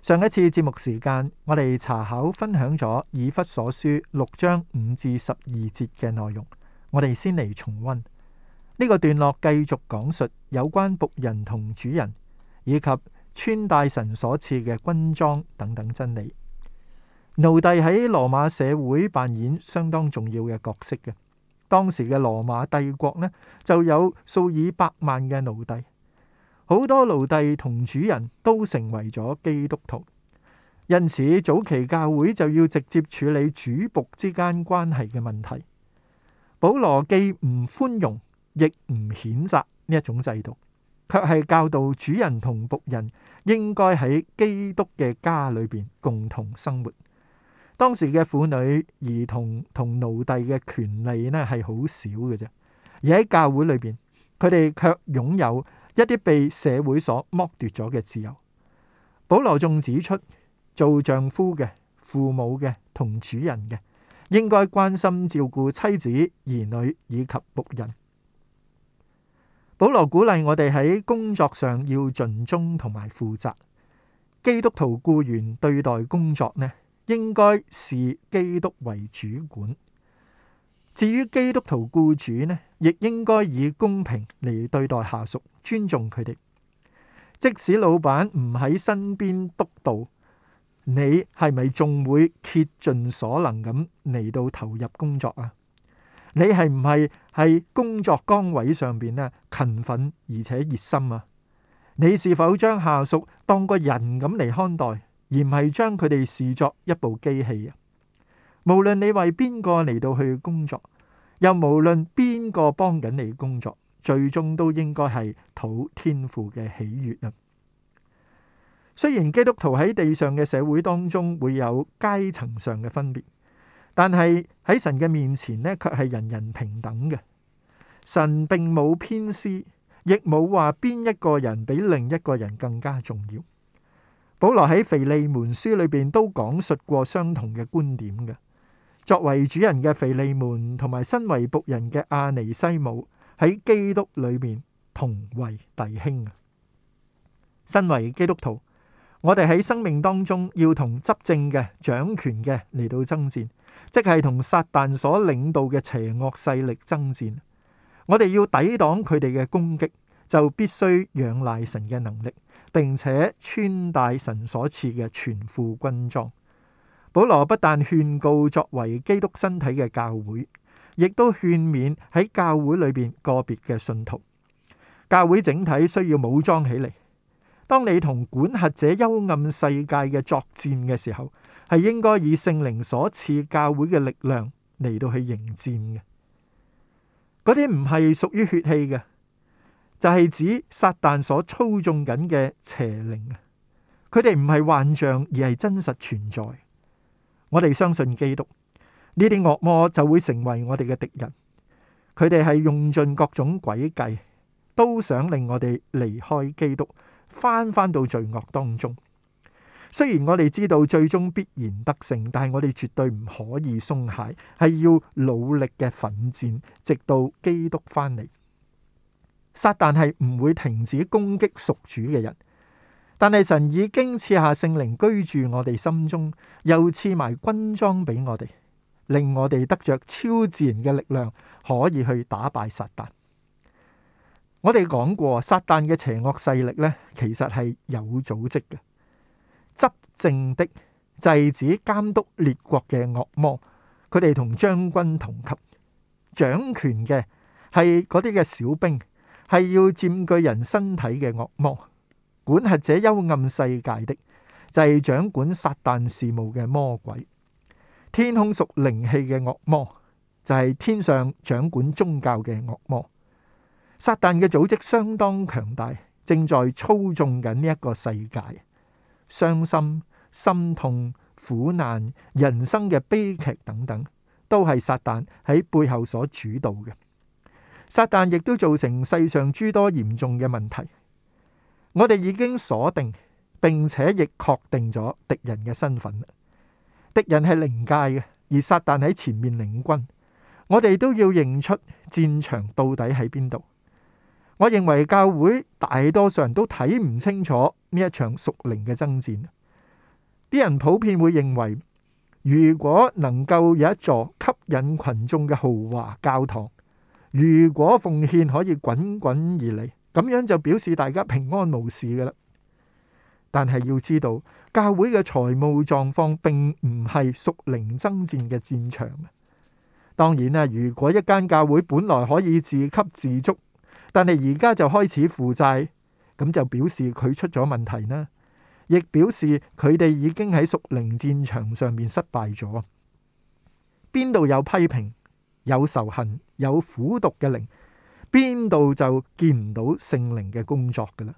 上一次節目時間，我哋查考分享咗《以弗所書》六章五至十二節嘅內容，我哋先嚟重溫呢、這個段落，繼續講述有關僕人同主人以及穿戴神所賜嘅軍裝等等真理。奴隸喺羅馬社會扮演相當重要嘅角色嘅，當時嘅羅馬帝國呢就有數以百萬嘅奴隸。好多奴隸同主人都成為咗基督徒，因此早期教會就要直接處理主僕之間關係嘅問題。保羅既唔寬容，亦唔譴責呢一種制度，卻係教導主人同僕人應該喺基督嘅家裏邊共同生活。當時嘅婦女、兒童同奴隸嘅權利呢係好少嘅啫，而喺教會裏邊，佢哋卻擁有。一啲被社會所剝奪咗嘅自由。保羅仲指出，做丈夫嘅、父母嘅同主人嘅，應該關心照顧妻子、兒女以及僕人。保羅鼓勵我哋喺工作上要盡忠同埋負責。基督徒雇員對待工作呢，應該視基督為主管。至於基督徒雇主呢，亦應該以公平嚟對待下屬，尊重佢哋。即使老闆唔喺身邊督導，你係咪仲會竭盡所能咁嚟到投入工作啊？你係唔係喺工作崗位上邊呢，勤奮而且熱心啊？你是否將下屬當個人咁嚟看待，而唔係將佢哋視作一部機器啊？無論你為邊個嚟到去工作，又無論邊個幫緊你工作，最終都應該係討天父嘅喜悅啊！雖然基督徒喺地上嘅社會當中會有階層上嘅分別，但係喺神嘅面前呢，卻係人人平等嘅。神並冇偏私，亦冇話邊一個人比另一個人更加重要。保羅喺腓利門書裏邊都講述過相同嘅觀點嘅。作為主人嘅腓利門，同埋身為僕人嘅阿尼西姆喺基督裏面同為弟兄啊！身為基督徒，我哋喺生命當中要同執政嘅掌權嘅嚟到爭戰，即係同撒但所領導嘅邪惡勢力爭戰。我哋要抵擋佢哋嘅攻擊，就必須仰賴神嘅能力，並且穿戴神所賜嘅全副軍裝。保羅不但勸告作為基督身體嘅教會，亦都勸勉喺教會裏邊個別嘅信徒。教會整體需要武裝起嚟。當你同管轄者幽暗世界嘅作戰嘅時候，係應該以聖靈所賜教會嘅力量嚟到去迎戰嘅。嗰啲唔係屬於血氣嘅，就係指撒旦所操縱緊嘅邪靈。佢哋唔係幻象，而係真實存在。我哋相信基督，呢啲惡魔就會成為我哋嘅敵人。佢哋係用盡各種詭計，都想令我哋離開基督，翻翻到罪惡當中。雖然我哋知道最終必然得勝，但係我哋絕對唔可以鬆懈，係要努力嘅奮戰，直到基督翻嚟。撒但係唔會停止攻擊屬主嘅人。但係神已經賜下聖靈居住我哋心中，又賜埋軍裝俾我哋，令我哋得着超自然嘅力量，可以去打敗撒旦。我哋講過，撒旦嘅邪惡勢力呢，其實係有組織嘅，執政的、制止、監督列國嘅惡魔，佢哋同將軍同級，掌權嘅係嗰啲嘅小兵，係要佔據人身體嘅惡魔。管轄者幽暗世界的，就係掌管撒旦事務嘅魔鬼。天空屬靈氣嘅惡魔，就係天上掌管宗教嘅惡魔。撒旦嘅組織相當強大，正在操縱緊呢一個世界。傷心、心痛、苦難、人生嘅悲劇等等，都係撒旦喺背後所主導嘅。撒旦亦都造成世上諸多嚴重嘅問題。我哋已經鎖定，並且亦確定咗敵人嘅身份。敵人係靈界嘅，而撒但喺前面領軍。我哋都要認出戰場到底喺邊度。我認為教會大多數人都睇唔清楚呢一場屬靈嘅爭戰。啲人普遍會認為，如果能夠有一座吸引群眾嘅豪華教堂，如果奉獻可以滾滾而嚟，咁樣就表示大家平安無事嘅啦，但係要知道教會嘅財務狀況並唔係屬靈爭戰嘅戰場。當然啦，如果一間教會本來可以自給自足，但係而家就開始負債，咁就表示佢出咗問題啦，亦表示佢哋已經喺屬靈戰場上面失敗咗。邊度有批評、有仇恨、有苦毒嘅靈？邊度就見唔到聖靈嘅工作㗎喇？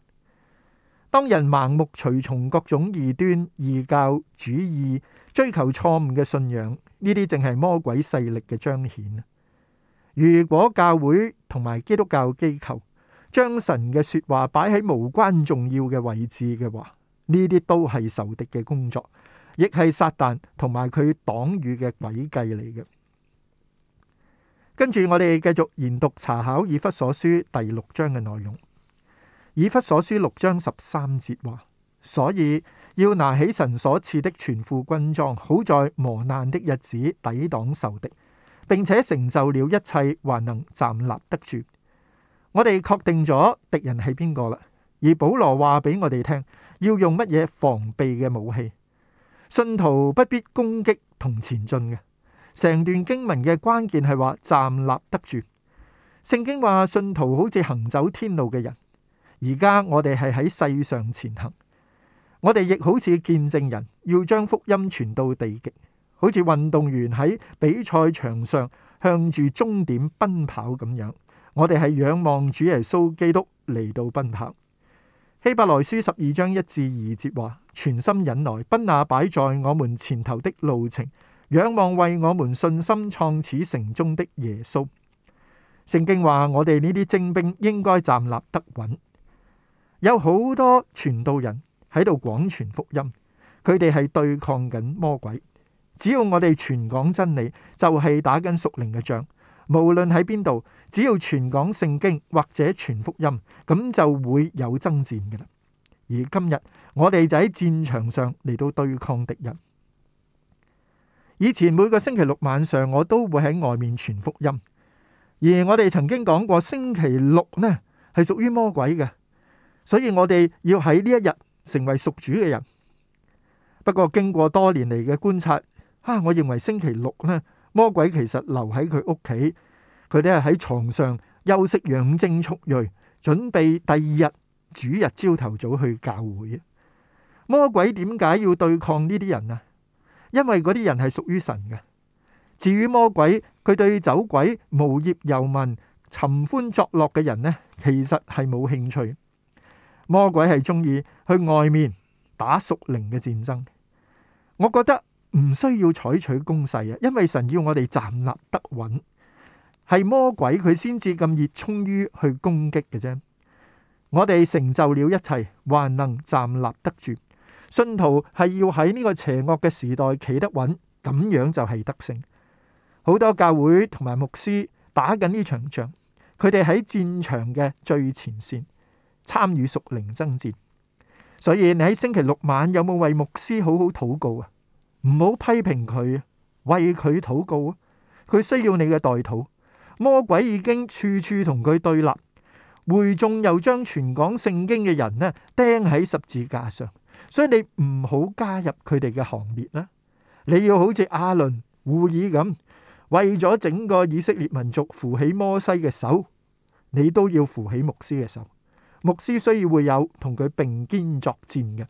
當人盲目隨從各種異端、異教主義，追求錯誤嘅信仰，呢啲淨係魔鬼勢力嘅彰顯。如果教會同埋基督教機構將神嘅說話擺喺無關重要嘅位置嘅話，呢啲都係仇敵嘅工作，亦係撒旦同埋佢黨羽嘅詭計嚟嘅。跟住我哋繼續研讀查考以弗所書第六章嘅內容。以弗所書六章十三節話：所以要拿起神所賜的全副軍裝，好在磨難的日子抵擋仇敵，並且成就了一切，還能站立得住。我哋確定咗敵人係邊個啦，而保羅話俾我哋聽，要用乜嘢防備嘅武器？信徒不必攻擊同前進嘅。成段經文嘅關鍵係話站立得住。聖經話信徒好似行走天路嘅人，而家我哋係喺世上前行，我哋亦好似見證人，要將福音傳到地極，好似運動員喺比賽場上向住終點奔跑咁樣。我哋係仰望主耶穌基督嚟到奔跑。希伯來書十二章一至二節話：全心忍耐，奔那擺在我們前頭的路程。仰望為我們信心創始成終的耶穌，聖經話：我哋呢啲精兵應該站立得穩。有好多傳道人喺度廣傳福音，佢哋係對抗緊魔鬼。只要我哋傳講真理，就係打緊屬靈嘅仗。無論喺邊度，只要傳講聖經或者傳福音，咁就會有爭戰嘅啦。而今日我哋就喺戰場上嚟到對抗敵人。以前每個星期六晚上，我都會喺外面傳福音。而我哋曾經講過，星期六呢係屬於魔鬼嘅，所以我哋要喺呢一日成為屬主嘅人。不過經過多年嚟嘅觀察，啊，我認為星期六呢，魔鬼其實留喺佢屋企，佢哋係喺床上休息養精蓄銳，準備第二日主日朝頭早去教會。魔鬼點解要對抗呢啲人呀？因為嗰啲人係屬於神嘅，至於魔鬼，佢對走鬼、無業遊民、尋歡作樂嘅人呢，其實係冇興趣。魔鬼係中意去外面打屬靈嘅戰爭。我覺得唔需要採取攻勢啊，因為神要我哋站立得穩，係魔鬼佢先至咁熱衷於去攻擊嘅啫。我哋成就了一切，還能站立得住。信徒係要喺呢個邪惡嘅時代企得穩，咁樣就係得勝。好多教會同埋牧師打緊呢場仗，佢哋喺戰場嘅最前線參與屬靈爭戰。所以你喺星期六晚有冇為牧師好好禱告啊？唔好批評佢，為佢禱告啊！佢需要你嘅代禱。魔鬼已經處處同佢對立，會眾又將全港聖經嘅人呢釘喺十字架上。所以你唔好加入佢哋嘅行列啦。你要好似阿倫胡爾咁，為咗整個以色列民族扶起摩西嘅手，你都要扶起牧師嘅手。牧師需要會有同佢並肩作戰嘅。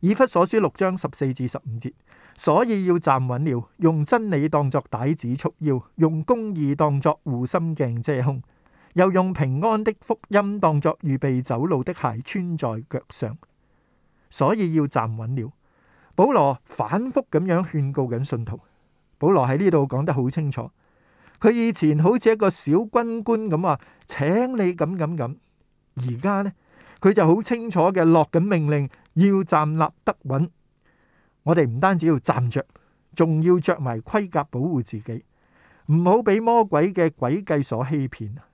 以弗所書六章十四至十五節，所以要站穩了，用真理當作帶子束腰，用公義當作護心鏡遮胸，又用平安的福音當作預備走路的鞋穿在腳上。所以要站穩了。保羅反覆咁樣勸告緊信徒。保羅喺呢度講得好清楚，佢以前好似一個小軍官咁話，請你咁咁咁。而家呢，佢就好清楚嘅落緊命令，要站立得穩。我哋唔單止要站着，仲要着埋盔甲保護自己，唔好俾魔鬼嘅詭計所欺騙啊！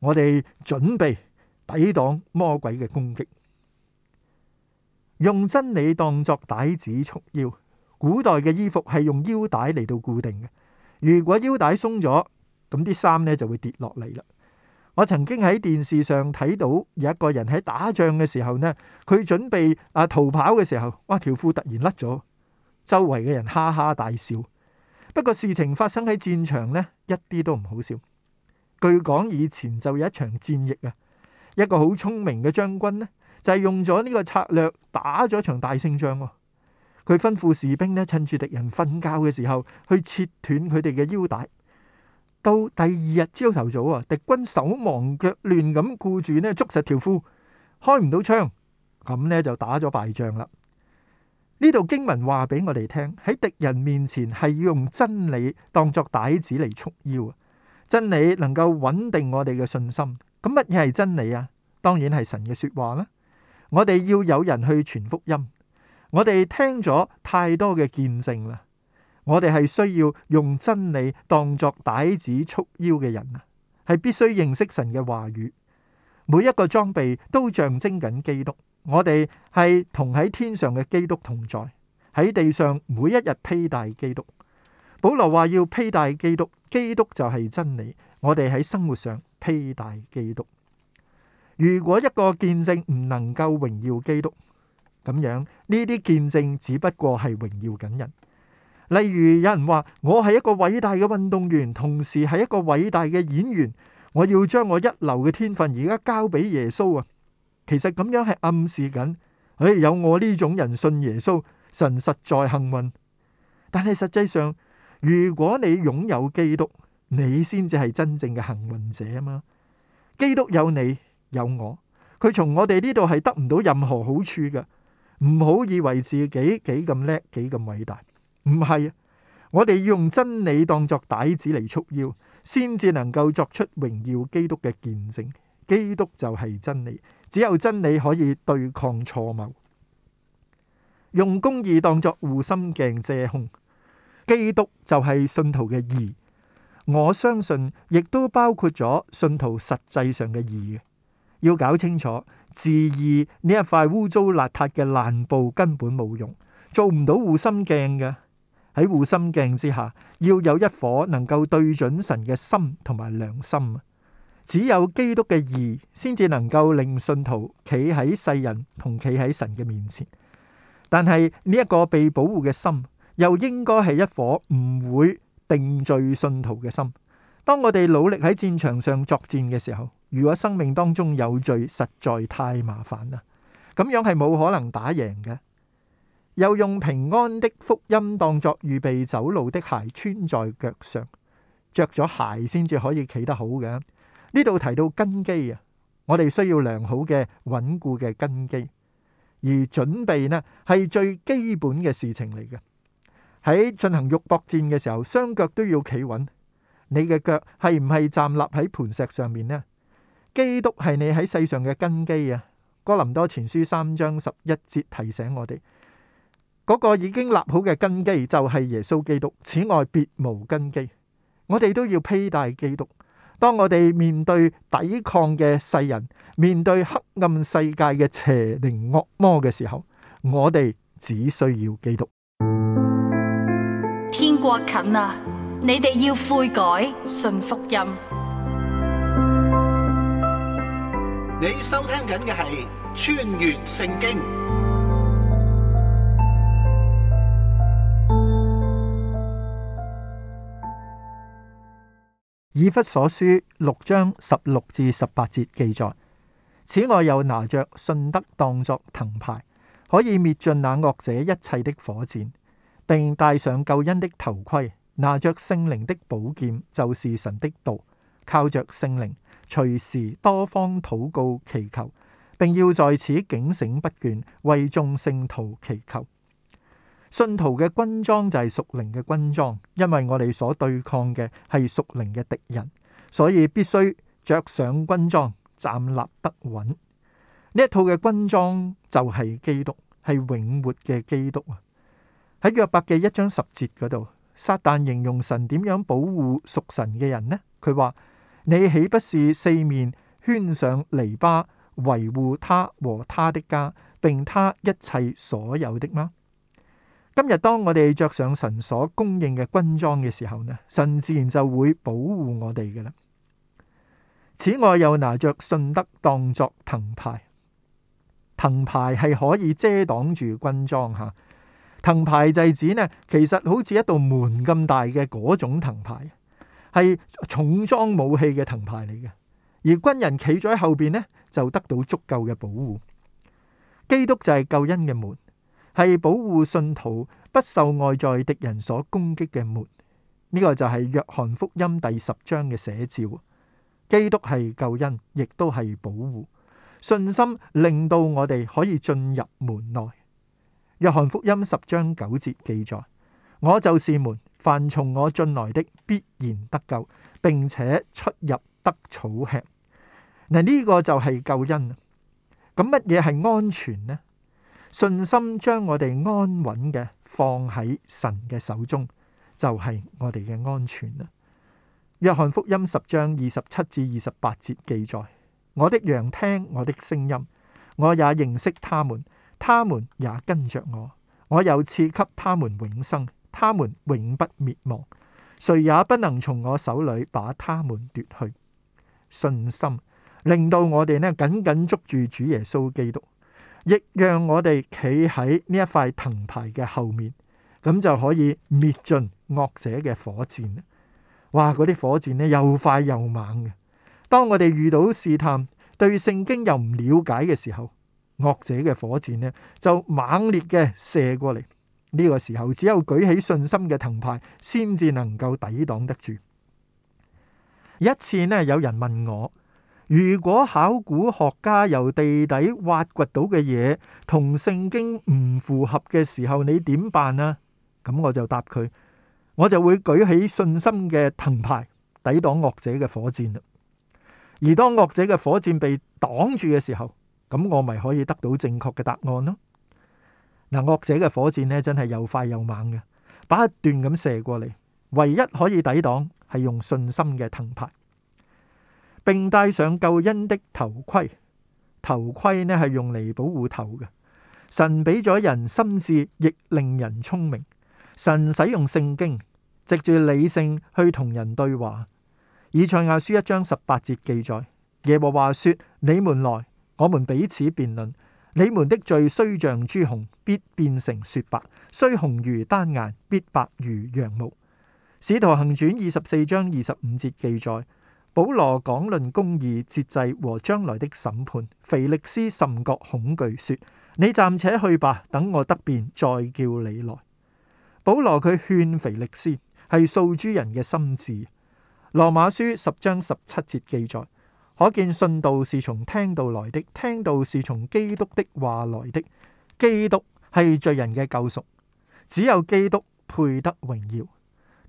我哋準備抵擋魔鬼嘅攻擊。用真理當作帶子束腰，古代嘅衣服係用腰帶嚟到固定嘅。如果腰帶鬆咗，咁啲衫呢就會跌落嚟啦。我曾經喺電視上睇到有一個人喺打仗嘅時候呢，佢準備啊逃跑嘅時候，哇條褲突然甩咗，周圍嘅人哈哈大笑。不過事情發生喺戰場呢，一啲都唔好笑。據講以前就有一場戰役啊，一個好聰明嘅將軍呢。就係用咗呢個策略打咗場大勝仗。佢吩咐士兵咧，趁住敵人瞓覺嘅時候，去切斷佢哋嘅腰帶。到第二日朝頭早啊，敵軍手忙腳亂咁顧住咧捉實條褲，開唔到槍，咁呢就打咗敗仗啦。呢度經文話俾我哋聽，喺敵人面前係要用真理當作帶子嚟束腰。真理能夠穩定我哋嘅信心。咁乜嘢係真理啊？當然係神嘅說話啦。我哋要有人去傳福音，我哋聽咗太多嘅見證啦，我哋係需要用真理當作帶子束腰嘅人啊，係必須認識神嘅話語。每一個裝備都象徵緊基督，我哋係同喺天上嘅基督同在，喺地上每一日披戴基督。保羅話要披戴基督，基督就係真理，我哋喺生活上披戴基督。如果一個見證唔能夠榮耀基督咁樣，呢啲見證只不過係榮耀緊人。例如有人話我係一個偉大嘅運動員，同時係一個偉大嘅演員，我要將我一流嘅天分而家交俾耶穌啊！其實咁樣係暗示緊，哎有我呢種人信耶穌，神實在幸運。但係實際上，如果你擁有基督，你先至係真正嘅幸運者啊嘛！基督有你。有我，佢從我哋呢度係得唔到任何好處嘅，唔好以為自己幾咁叻，幾咁偉大，唔係啊。我哋要用真理當作帶子嚟束腰，先至能夠作出榮耀基督嘅見證。基督就係真理，只有真理可以對抗錯謬。用公義當作護心鏡遮胸，基督就係信徒嘅義。我相信亦都包括咗信徒實際上嘅義嘅。要搞清楚，自義呢一塊污糟邋遢嘅爛布根本冇用，做唔到護心鏡嘅。喺護心鏡之下，要有一顆能夠對準神嘅心同埋良心。只有基督嘅義，先至能夠令信徒企喺世人同企喺神嘅面前。但係呢一個被保護嘅心，又應該係一顆唔會定罪信徒嘅心。當我哋努力喺戰場上作戰嘅時候，如果生命當中有罪，實在太麻煩啦。咁樣係冇可能打贏嘅。又用平安的福音當作預備走路的鞋穿在腳上，着咗鞋先至可以企得好嘅。呢度提到根基啊，我哋需要良好嘅穩固嘅根基，而準備呢係最基本嘅事情嚟嘅。喺進行肉搏戰嘅時候，雙腳都要企穩。你嘅腳係唔係站立喺磐石上面呢？基督係你喺世上嘅根基啊！哥林多前書三章十一節提醒我哋，嗰個已經立好嘅根基就係耶穌基督，此外別無根基。我哋都要披戴基督。當我哋面對抵抗嘅世人，面對黑暗世界嘅邪靈惡魔嘅時候，我哋只需要基督。天國近啊！你哋要悔改，信福音。你收聽緊嘅係《穿越聖經》以弗所書六章十六至十八節記載。此外，又拿着信德當作藤牌，可以滅盡那惡者一切的火箭，並戴上救恩的頭盔。拿着聖靈的寶劍，就是神的道，靠着聖靈，隨時多方禱告祈求，並要在此警醒不倦，為眾聖徒祈求。信徒嘅軍裝就係屬靈嘅軍裝，因為我哋所對抗嘅係屬靈嘅敵人，所以必須着上軍裝，站立得穩。呢一套嘅軍裝就係基督，係永活嘅基督啊！喺約伯嘅一章十節嗰度。撒但形容神點樣保護屬神嘅人呢？佢話：你豈不是四面圈上籬笆，維護他和他的家，並他一切所有的嗎？今日當我哋着上神所供應嘅軍裝嘅時候呢，神自然就會保護我哋㗎喇。此外，又拿着信德當作藤牌，藤牌係可以遮擋住軍裝吓。藤牌就係指呢，其實好似一道門咁大嘅嗰種藤牌，係重裝武器嘅藤牌嚟嘅。而軍人企咗喺後邊呢，就得到足夠嘅保護。基督就係救恩嘅門，係保護信徒不受外在敵人所攻擊嘅門。呢個就係約翰福音第十章嘅寫照。基督係救恩，亦都係保護。信心令到我哋可以進入門內。約翰福音十章九節記載：我就是門，凡從我進來的必然得救，並且出入得草吃。嗱、這、呢個就係救恩。咁乜嘢係安全呢？信心將我哋安穩嘅放喺神嘅手中，就係、是、我哋嘅安全啦。約翰福音十章二十七至二十八節記載：我的羊聽我的聲音，我也認識他們。他們也跟着我，我又賜給他們永生，他們永不滅亡，誰也不能從我手裏把他們奪去。信心令到我哋呢緊緊捉住主耶穌基督，亦讓我哋企喺呢一塊藤牌嘅後面，咁就可以滅盡惡者嘅火箭。哇！嗰啲火箭呢又快又猛嘅，當我哋遇到試探，對聖經又唔了解嘅時候。惡者嘅火箭呢，就猛烈嘅射過嚟。呢個時候，只有舉起信心嘅藤牌，先至能夠抵擋得住。一次呢，有人問我：，如果考古學家由地底挖掘到嘅嘢同聖經唔符合嘅時候，你點辦呢？咁我就答佢：，我就會舉起信心嘅藤牌，抵擋惡者嘅火箭。而當惡者嘅火箭被擋住嘅時候，咁我咪可以得到正確嘅答案咯。嗱、呃，惡者嘅火箭呢，真係又快又猛嘅，把一段咁射過嚟。唯一可以抵擋係用信心嘅盾牌，並戴上救恩的頭盔。頭盔呢係用嚟保護頭嘅。神俾咗人心智，亦令人聰明。神使用聖經，藉住理性去同人對話。以賽亞書一章十八節記載：耶和華說，你們來。我們彼此辯論，你們的罪雖像朱紅，必變成雪白；雖紅如丹顏，必白如羊毛。使徒行傳二十四章二十五節記載，保羅講論公義、節制和將來的審判。腓力斯甚覺恐懼，說：你暫且去吧，等我得辯再叫你來。保羅佢勸腓力斯，係訴諸人嘅心智。羅馬書十章十七節記載。可見信道是從聽道來的，聽道是從基督的話來的。基督係罪人嘅救贖，只有基督配得榮耀。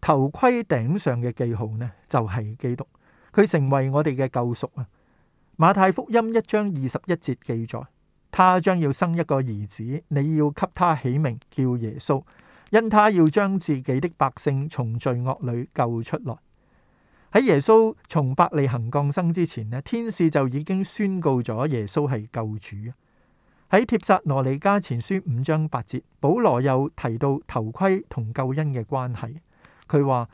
頭盔頂上嘅記號呢，就係基督，佢成為我哋嘅救贖啊！馬太福音一章二十一節記載，他將要生一個兒子，你要給他起名叫耶穌，因他要將自己的百姓從罪惡裏救出來。喺耶穌從伯利恆降生之前咧，天使就已經宣告咗耶穌係救主。喺帖撒羅尼加前書五章八節，保羅又提到頭盔同救恩嘅關係。佢話：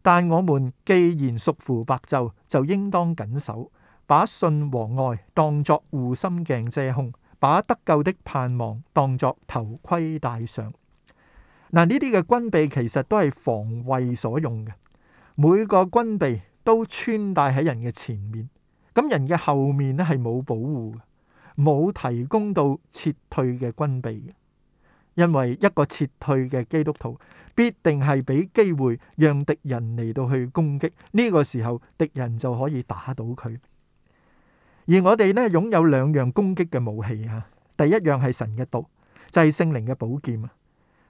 但我們既然屬乎白晝，就應當謹守，把信和愛當作護心鏡遮胸，把得救的盼望當作頭盔戴上。嗱，呢啲嘅軍備其實都係防衛所用嘅。每個軍備都穿戴喺人嘅前面，咁人嘅後面咧係冇保護嘅，冇提供到撤退嘅軍備嘅。因為一個撤退嘅基督徒必定係俾機會讓敵人嚟到去攻擊，呢、這個時候敵人就可以打到佢。而我哋咧擁有兩樣攻擊嘅武器啊，第一樣係神嘅道，就係聖靈嘅寶劍啊，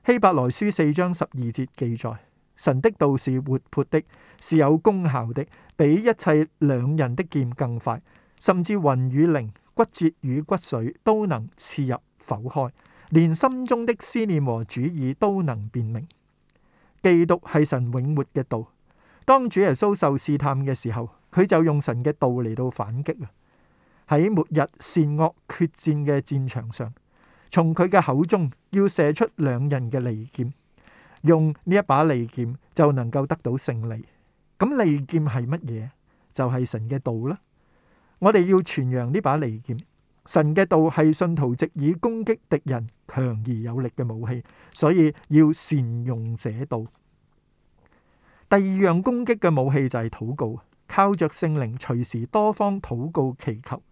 萊《希伯來書》四章十二節記載。神的道是活潑的，是有功效的，比一切兩刃的劍更快，甚至魂與靈、骨節與骨髓都能刺入剖開，連心中的思念和主意都能辨明。基督係神永活嘅道。當主耶穌受試探嘅時候，佢就用神嘅道嚟到反擊。喺末日善惡決戰嘅戰場上，從佢嘅口中要射出兩刃嘅利劍。用呢一把利劍就能夠得到勝利。咁利劍係乜嘢？就係神嘅道啦。我哋要傳揚呢把利劍。神嘅道係信徒藉以攻擊敵人強而有力嘅武器，所以要善用這道。第二樣攻擊嘅武器就係禱告，靠着聖靈隨時多方禱告祈求。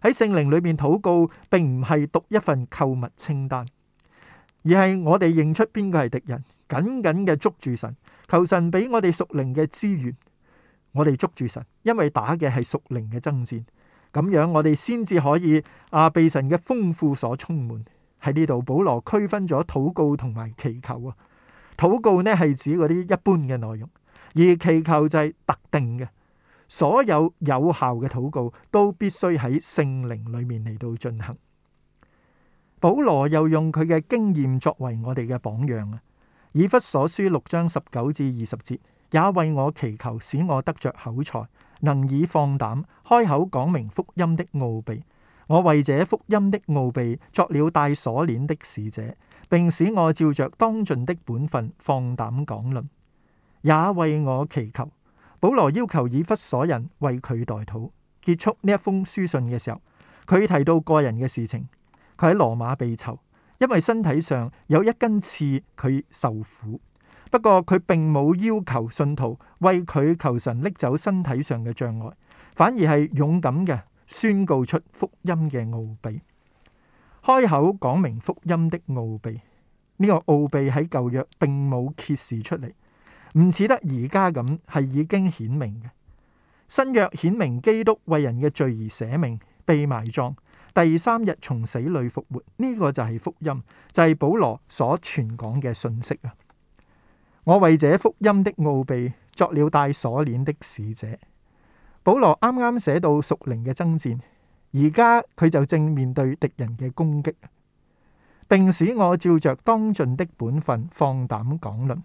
喺聖靈裏面禱告，並唔係讀一份購物清單。而係我哋認出邊個係敵人，緊緊嘅捉住神，求神俾我哋屬靈嘅資源。我哋捉住神，因為打嘅係屬靈嘅爭戰。咁樣我哋先至可以啊被神嘅豐富所充滿。喺呢度保羅區分咗禱告同埋祈求啊。禱告呢係指嗰啲一般嘅內容，而祈求就係特定嘅。所有有效嘅禱告都必須喺聖靈裏面嚟到進行。保羅又用佢嘅經驗作為我哋嘅榜樣啊！以弗所書六章十九至二十節，也為我祈求，使我得着口才，能以放膽開口講明福音的奧秘。我為這福音的奧秘作了帶鎖鏈的使者，並使我照着當盡的本分放膽講論。也為我祈求。保羅要求以弗所人為佢代禱。結束呢一封書信嘅時候，佢提到個人嘅事情。佢喺羅馬被囚，因為身體上有一根刺，佢受苦。不過佢並冇要求信徒為佢求神拎走身體上嘅障礙，反而係勇敢嘅宣告出福音嘅奧秘，開口講明福音的奧秘。呢個奧秘喺舊約並冇揭示出嚟，唔似得而家咁係已經顯明嘅。新約顯明基督為人嘅罪而捨命，被埋葬。第三日從死裏復活，呢、這個就係福音，就係、是、保羅所傳講嘅信息啊！我為這福音的奧秘作了帶鎖鏈的使者。保羅啱啱寫到屬靈嘅爭戰，而家佢就正面對敵人嘅攻擊，並使我照着當盡的本分放膽講論。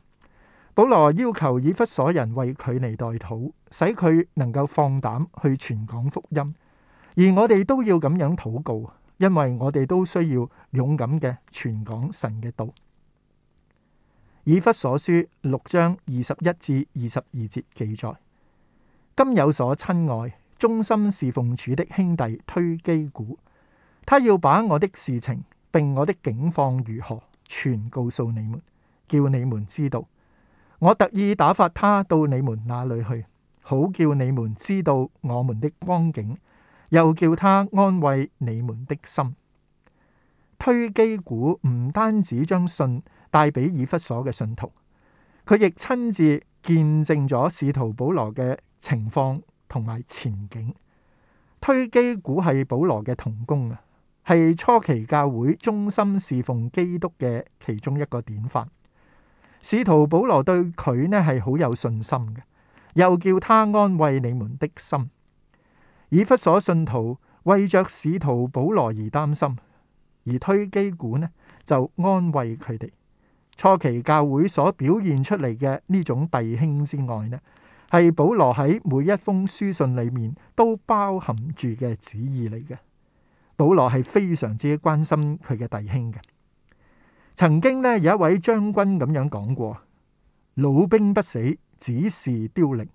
保羅要求以弗所人為佢嚟代禱，使佢能夠放膽去傳講福音。而我哋都要咁樣禱告，因為我哋都需要勇敢嘅傳講神嘅道。以弗所書六章二十一至二十二節記載：今有所親愛、忠心侍奉主的兄弟推基古，他要把我的事情並我的境況如何全告訴你們，叫你們知道。我特意打發他到你們那裏去，好叫你們知道我們的光景。又叫他安慰你們的心。推基古唔單止將信帶俾以弗所嘅信徒，佢亦親自見證咗使徒保羅嘅情況同埋前景。推基古係保羅嘅同工啊，係初期教會忠心侍奉基督嘅其中一個典範。使徒保羅對佢呢係好有信心嘅，又叫他安慰你們的心。以弗所信徒為着使徒保羅而擔心，而推基古呢就安慰佢哋。初期教會所表現出嚟嘅呢種弟兄之愛，呢，係保羅喺每一封書信裏面都包含住嘅旨意嚟嘅。保羅係非常之關心佢嘅弟兄嘅。曾經呢有一位將軍咁樣講過：老兵不死，只是凋零。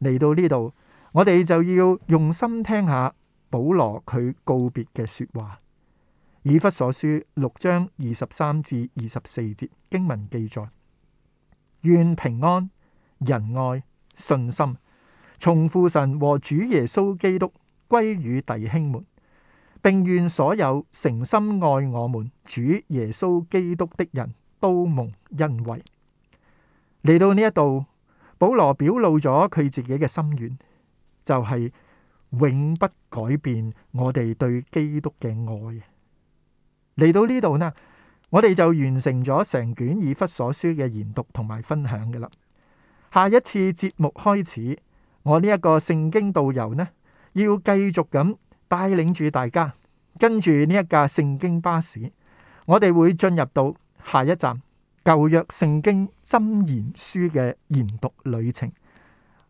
嚟到呢度。我哋就要用心聽下保羅佢告別嘅說話，《以弗所書》六章二十三至二十四節經文記載：願平安、仁愛、信心從父神和主耶穌基督歸與弟兄們，並願所有誠心愛我們主耶穌基督的人都蒙恩惠。嚟到呢一度，保羅表露咗佢自己嘅心願。就係永不改變我哋對基督嘅愛。嚟到呢度呢，我哋就完成咗成卷以弗所書嘅研讀同埋分享嘅啦。下一次節目開始，我呢一個聖經導遊呢，要繼續咁帶領住大家跟住呢一架聖經巴士，我哋會進入到下一站舊約聖經箴言書嘅研讀旅程。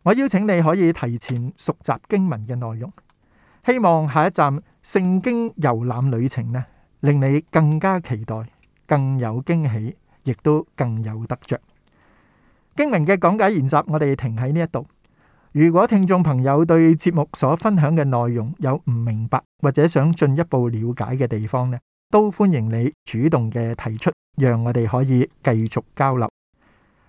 我邀請你可以提前熟習經文嘅內容，希望下一站聖經遊覽旅程呢，令你更加期待，更有驚喜，亦都更有得着。經文嘅講解研習，我哋停喺呢一度。如果聽眾朋友對節目所分享嘅內容有唔明白或者想進一步了解嘅地方呢，都歡迎你主動嘅提出，讓我哋可以繼續交流。